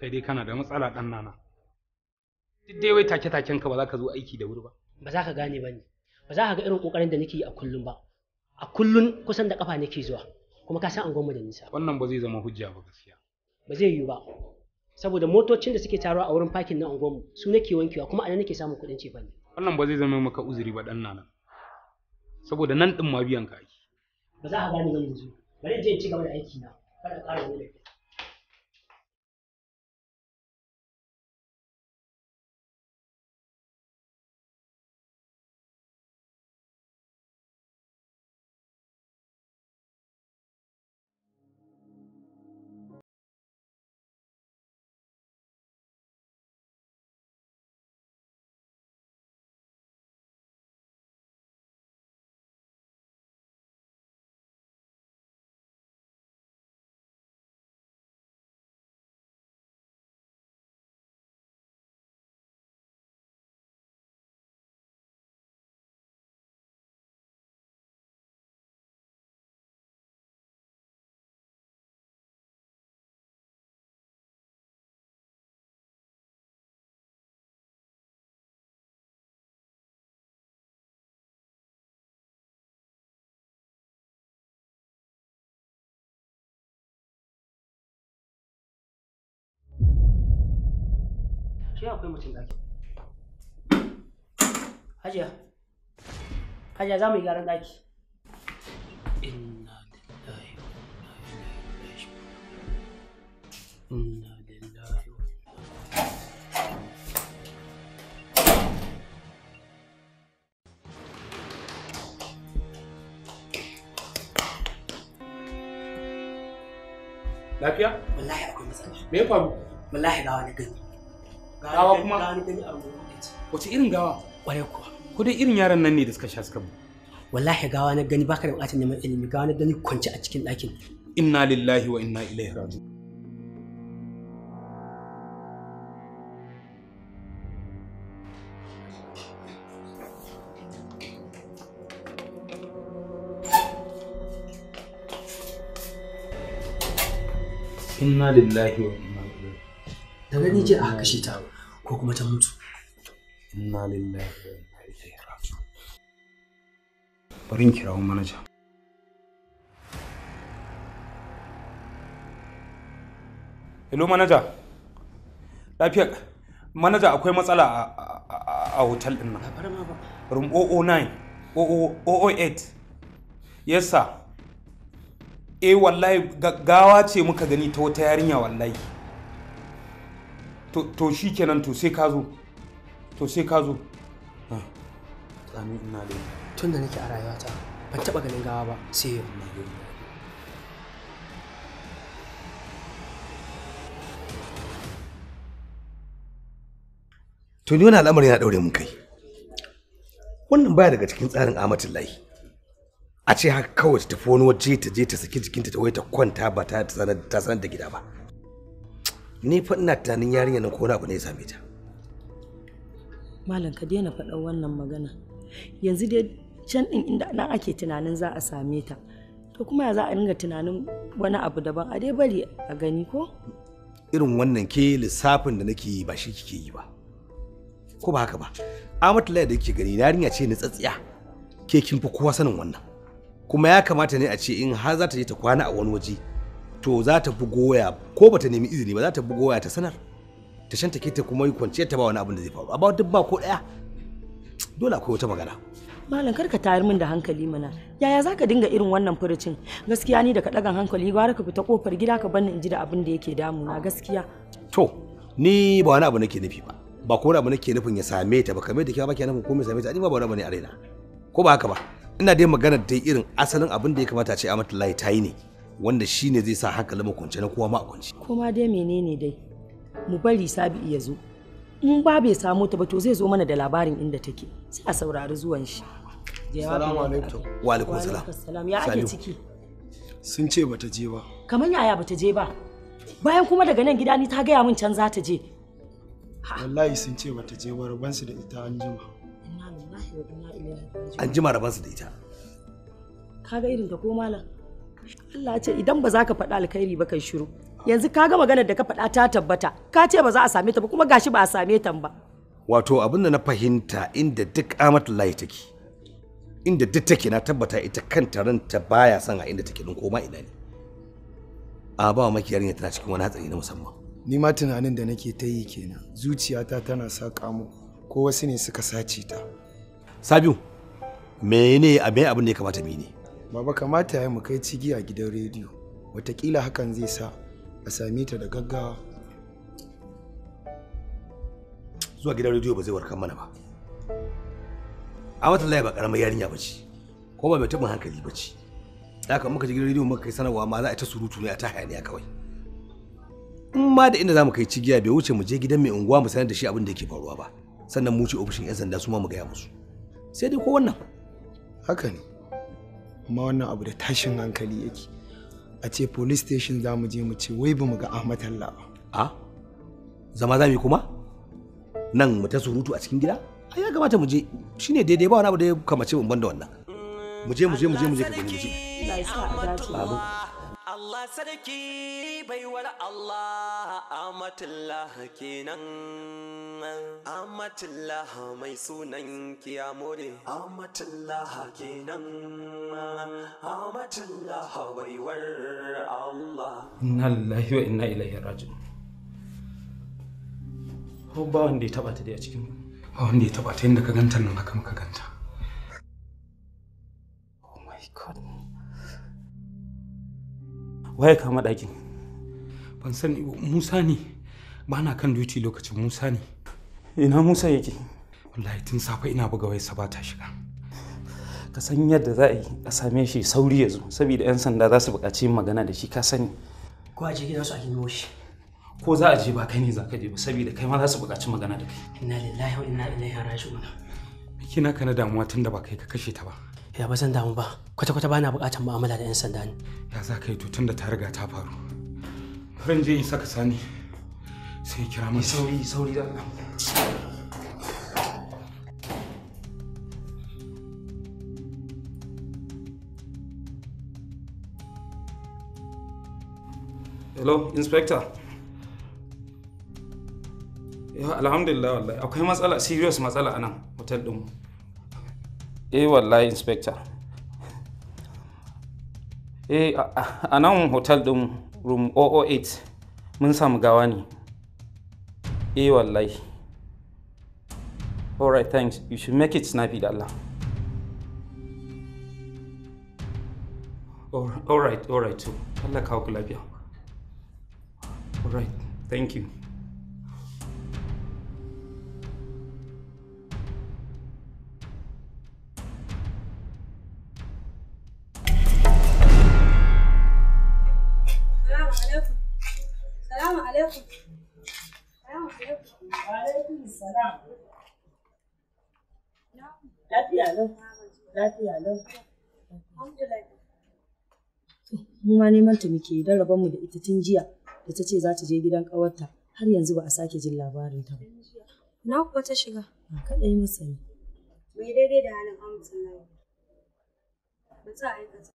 kai dai kana da matsala ɗan nana duk dai wai take taken ka ba za ka zo aiki da wuri ba ba za ka gane ba ne ba za ka ga irin kokarin da nake yi a kullum ba a kullum kusan da kafa nake zuwa kuma ka san an gwamma da nisa wannan ba zai zama hujja ba gaskiya ba zai yiwu ba saboda motocin da suke taruwa a wurin parking na unguwanmu su nake wankewa kuma a nan nake samun kuɗin cefa ne wannan ba zai zama maka uzuri ba ɗan nana saboda nan ɗin ma biyan ka aiki ba za ka gane ba yanzu bari in je in ci gaba da aiki na kada ƙara wani shi akwai mutum ɗaki hajiya hajiya za mu yi gyaran ɗaki lafiya wallahi akwai matsala me ya gawa kuma wace irin gawa ƙwarai kuwa ko dai irin yaran nan ne da suka sha suka mu wallahi gawa na gani baka da bukatar neman ilimi gawa na gani kwance a cikin ɗakin inna lillahi wa inna ilaihi raji'un inna lillahi wa inna kaga ni jiya aka kashe ta ko kuma ta mutu inna lillahi wa inna ilaihi raji'un bari in kirawo manaja hello manaja lafiya manaja akwai matsala a hotel din nan room 009 008 yes sir eh wallahi gawa ce muka gani ta wata yarinya wallahi to shi kenan to sai ka zo to sai ka zo tsami ina da tun da nake a rayuwata ban taɓa ganin gawa ba sai yau to ni wani al'amari yana daure mun kai wannan baya daga cikin tsarin amatin layi a ce haka kawai ta tafi wani waje ta je ta saki jikinta ta wai ta kwanta ba ta sanar da gida ba ni fa ina tunanin yarinya nan ko na abu ne ya same ta malam ka daina faɗa wannan magana yanzu dai can ɗin inda nan ake tunanin za a same ta to kuma ya za a ringa tunanin wani abu daban a dai bari a gani ko irin wannan ke lissafin da nake yi ba shi kike yi ba ko ba haka ba amatulai da yake gani yarinya ce ni tsatsiya ke kin fi kowa sanin wannan kuma ya kamata ne a ce in har za ta je ta kwana a wani waje to za ta fi goya ko ba ta nemi izini ba za ta fi goya ta sanar ta shanta ta kuma yi kwanciyar ta ba wani abin da zai faru amma duk ba ko daya dole akwai wata magana malam kar ka tayar min da hankali mana yaya zaka dinga irin wannan furucin gaskiya ni da ka dagan hankali gwara ka fita kofar gida ka ni in ji da abin da yake damuna gaskiya to ni ba wani abu nake nufi ba ba ko wani abu nake nufin ya same ta ba kamar da kika ba ke nufin ko me same ta ni ba wani abu ne a raina ko ba haka ba ina dai magana dai irin asalin abin da ya kamata a ce mata Lai ta yi ne wanda shine zai sa hankali makwance na kowa ma kwance Koma dai menene dai mu bari sabi ya zo in ba bai samu ta ba to zai zo mana da labarin inda take sai a saurari zuwan shi Assalamu alaikum. Wa alaikum salam. Ya ake ciki? Sun ce bata je ba. Kamar yaya bata je ba? Bayan kuma daga nan gida ni ta gaya min can za ta je. Wallahi sun ce bata je ba rabansu da ita an jima. An jima rabansu da ita. Kaga irin ta ko malam? Allah ce idan ba za ka faɗa alkhairi ba kai shiru yanzu ka ga maganar da ka faɗa ta tabbata ka ce ba za a same ta ba kuma gashi ba a same ta ba wato abin da na fahimta inda duk amatu layi take inda duk take na tabbata ita kanta ranta baya son a inda take din koma ina ne a ba wa makiyar yin tana cikin wani hatsari na musamman ni ma tunanin da nake ta yi kenan zuciyata tana sa mu ko wasu ne suka sace ta sabiu mene abin abin da ya kamata mu ne Baba kamata ya mu kai cigi a gidan rediyo. Wataƙila hakan zai sa a same ta da gaggawa. Zuwa gidan rediyo ba zai warkar mana ba. Amata Lai ba karamar yarinya ba ce, ko ba mai taɓin hankali ba ce. Haka muka ji gidan rediyo muka kai sanarwa ma za a ta surutu ne a ta hayaniya kawai. In ma da inda za mu kai cigiya bai wuce mu je gidan mai unguwa mu sanar da shi abin da yake faruwa ba. Sannan mu ce ofishin 'yan sanda su ma mu gaya musu. Sai dai ko wannan. Haka ne. kuma wannan abu da tashin hankali yake a ce police station za mu je mu ce wai ba mu ga ahmad Allah ba a zama za mu kuma nan mu ta surutu a cikin gida a ya kamata mu je shine daidai ba wani abu da ya kamace mun banda wannan mu je mu je mu je mu je ka gani mu je Allah sarki baiwar Allah Amatullah kenan Amatullah mai sunan kiyamore Amatullah kenan Amatullah baiwar Allah Inna lillahi wa inna ilaihi raji'un Ko ba wanda ya taba ta dai a cikin ba wanda ya taba ta inda ka ganta nan haka muka ganta waye kama ɗakin ban sani musa ne ba na kan duci lokacin musa ne ina musa yake wallahi tun safe ina buga wayarsa ba ta shiga ka san yadda za a yi a same shi sauri ya zo saboda 'yan sanda za su buƙaci magana da shi ka sani ko a je su a nemo shi ko za a je ba kai ne za ka je ba saboda kai ma za su buƙaci magana da kai inna lillahi wa inna ilaihi raji'un kina kana damuwa tun da ba kai ka kashe ta ba Ya ba zan damu ba. Kwata-kwata bana buƙatar mu'amala da 'yan sanda ne. Ya za ka yi tutun da ta riga ta faru. Ran je in saka sani. Sai kira mai sauri sauri da Allah. hello inspector alhamdulillah wallahi akwai matsala serious matsala anan hotel ɗinmu eh wallahi inspector eh a nan hotel din room 008 mun samu gawa ne eh wallahi alright thanks you should make it snappy da Allah alright alright so Allah kawo ku lafiya alright thank you Muma ne manta muke don rabon mu da ita tun jiya da ta ce za ta je gidan ƙawarta har yanzu ba a sake jin labarin ta ba. Na kuwa ta shiga. Ba kaɗai ne. Mai daidai da halin amsan na Ba ta aikata.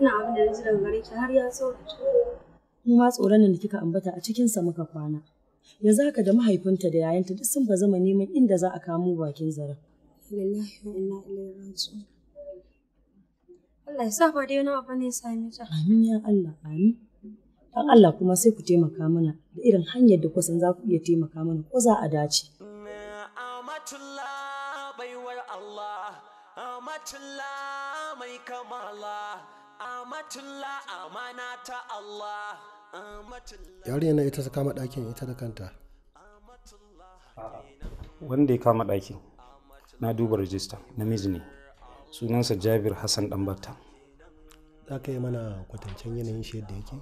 Ina abin da na ji daga gare ki har ya saurata. mu ma tsoron da kika ambata a cikinsa muka kwana. Yanzu haka da mahaifinta da yayanta duk sun bazama neman inda za a kamo bakin zara Lillahi wa inna ilaihi raji'un. Allah ya sa ba dai wani abu ne sai ta. Amin ya Allah, amin. Dan Allah kuma sai ku taimaka mana da irin hanyar da kusan za ku iya taimaka mana ko za a dace. Allah, Amatullah mai kamala, Amatullah amana ta Allah. yarinya na ita ta kama ɗakin ita da kanta wanda ya kama ɗakin na duba rajista namiji ne sunansa jabir hassan ɗanbata za ka yi mana kwatancen yanayin shi yadda yake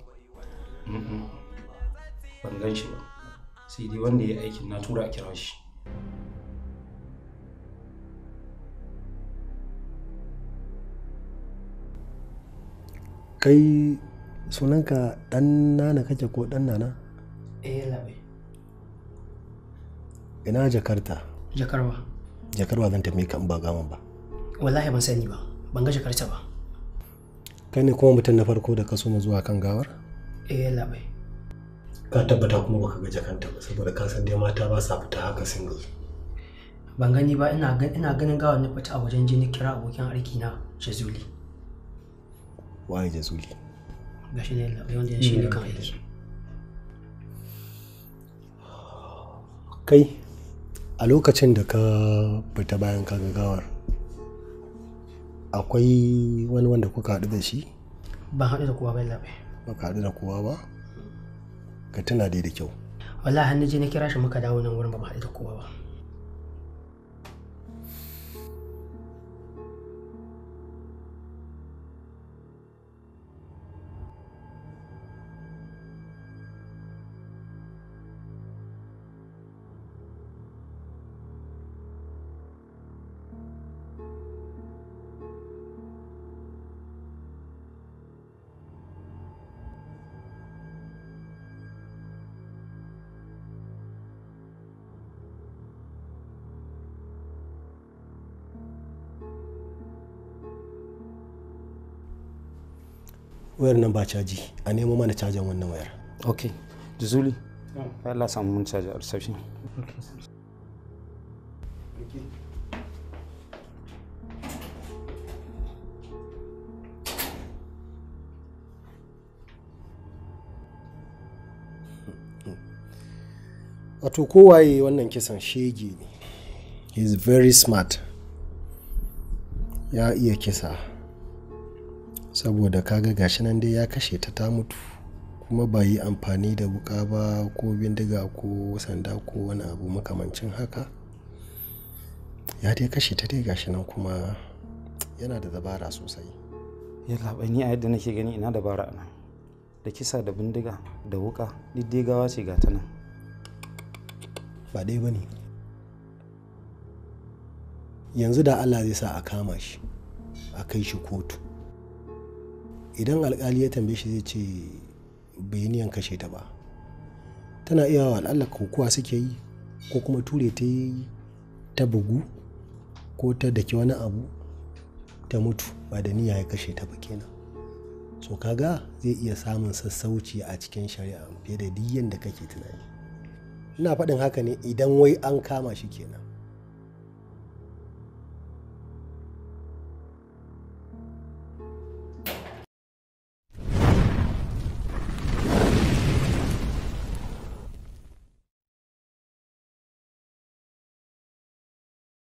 ban gan shi ba sai dai wanda ya aikin na tura a kira shi kai sunanka ɗan nana kake ko ɗan nana? eh labe ina jakarta jakarwa jakarwa zan tafi kan ba gama ba wallahi ban sani ba ban ga jakarta ba kai ne kuma mutum na farko da ka so mu zuwa kan gawar eh labe ka tabbata kuma baka ga jakarta ba saboda ka san dai mata ba sa fita haka single ban gani ba ina ina ganin gawar na fita a wajen jini kira abokin aiki na Jazuli waye Jazuli gashi ne wanda shi ne kan il kai a lokacin da ka fita bayan ka gawar akwai wani wanda kuka haɗu da shi ban haɗu da kowa ba labe ba ka haɗu da kowa ba ka tuna dai da kyau wallahi hannu je na kira shi muka dawo nan wurin ba haɗu da kowa ba wayar nan ba caji a nemo mana cajin wannan wayar ok jizuli Allah samu mun caji a rusafi wato kowaye wannan kisan shege ne he is very smart ya iya kisa saboda kaga gashi nan dai ya kashe ta ta mutu kuma ba yi amfani da wuka ba ko bindiga ko sanda ko wani abu makamancin haka ya dai kashe ta dai gashi nan kuma yana da dabara sosai yalla ni a yadda nake gani ina dabara a da kisa da bindiga da wuka duk gawa ce ga ta nan ba dai ba ne yanzu da allah zai sa a kama shi a kai shi kotu idan alkali ya tambaye shi zai ce bai kashe ta ba tana iya wa al'alla kokuwa suke yi ko kuma ture ta yi ta bugu ko ta daki wani abu ta mutu ba da niyya ya kashe ta ba kenan so kaga zai iya samun sassauci a cikin shari'a fiye da duk yadda kake tunani ina faɗin haka ne idan wai an kama shi kenan